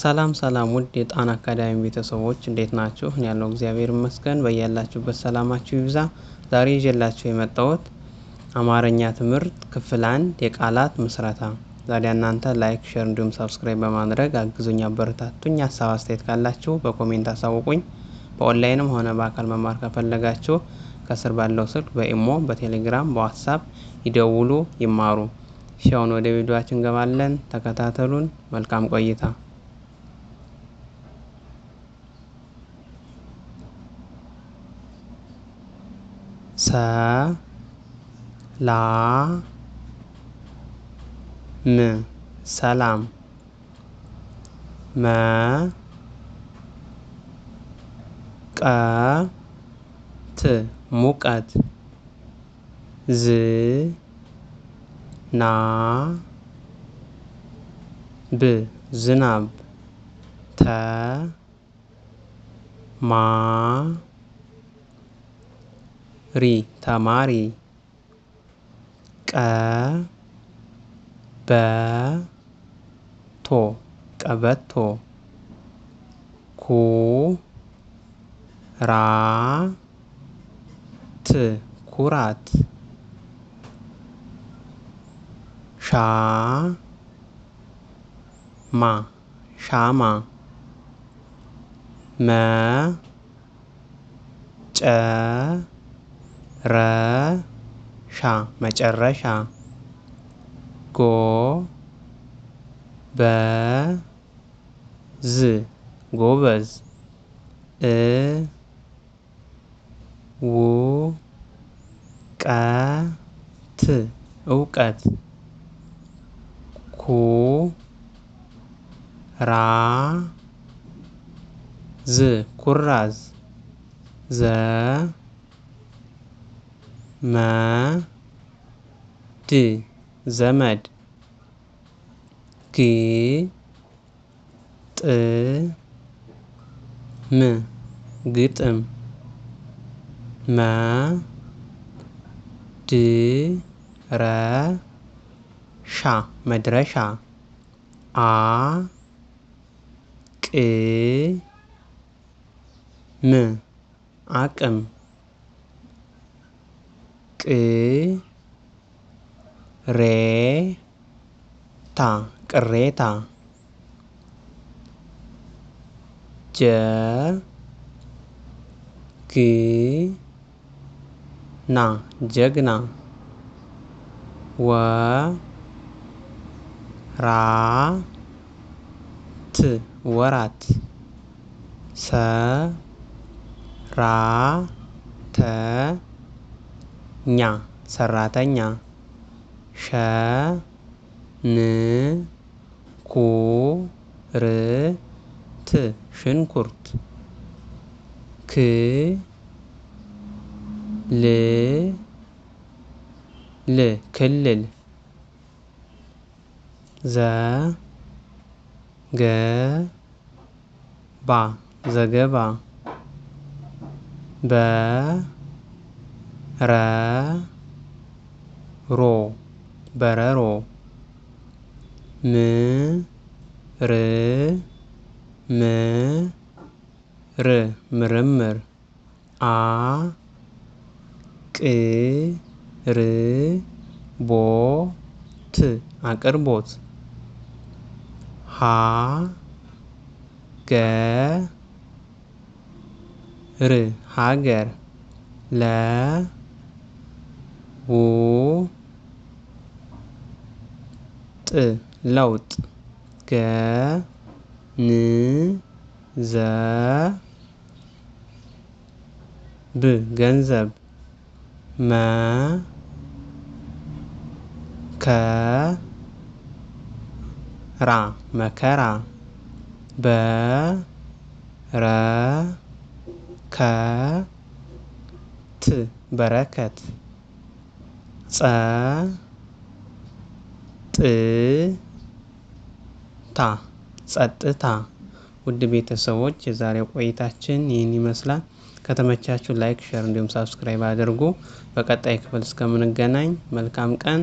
ሰላም ሰላም ውድ የጣና አካዳሚ ቤተሰቦች እንዴት ናችሁ? እኔ ያለው እግዚአብሔር ይመስገን። በያላችሁበት ሰላማችሁ ይብዛ። ዛሬ ይዤላችሁ የመጣሁት አማርኛ ትምህርት ክፍል አንድ የቃላት ምስረታ። ታዲያ እናንተ ላይክ፣ ሼር እንዲሁም ሰብስክራይብ በማድረግ አግዙኝ፣ አበረታቱኝ። ሀሳብ አስተያየት ካላችሁ በኮሜንት አሳውቁኝ። በኦንላይንም ሆነ በአካል መማር ከፈለጋችሁ ከስር ባለው ስልክ በኢሞ በቴሌግራም በዋትሳፕ ይደውሉ፣ ይማሩ። ሻውን ወደ ቪዲዮችን እንገባለን። ተከታተሉን። መልካም ቆይታ ሰ ላ ም ሰላም መ ቀ ት ሙቀት ዝ ና ብ ዝናብ ተ ማ ሪ ተማሪ ቀ በ ቶ ቀበቶ ኩ ራ ት ኩራት ሻ ማ ሻማ መ ጨ ረሻ መጨረሻ ጎ በዝ ጎበዝ እ ው ቀ ት እውቀት ኩ ራ ዝ ኩራዝ ዘ መድ ዘመድ ግ ጥ ም ግጥም መ ድ ረ ሻ መድረሻ አ ቅ ም አቅም ቅሬታ ቅሬታ ጀግና ጀግና ወ ወራት ሰ ኛ ሰራተኛ ሸ ን ኩ ር ት ሽንኩርት ክ ል ል ክልል ዘ ገ ባ ዘገባ በ ረሮ በረሮ ምርምር ምርምር አቅርቦት አቅርቦት ሀገር ሀገር ለ ውጥ ለውጥ ገ ን ዘ ብ ገንዘብ መ ከ ራ መከራ በ ረ ከ ት በረከት ጸ ጥ ታ ጸጥታ። ውድ ቤተሰቦች የዛሬው ቆይታችን ይህን ይመስላል። ከተመቻችሁ ላይክ፣ ሸር እንዲሁም ሳብስክራይብ አድርጉ። በቀጣይ ክፍል እስከምንገናኝ መልካም ቀን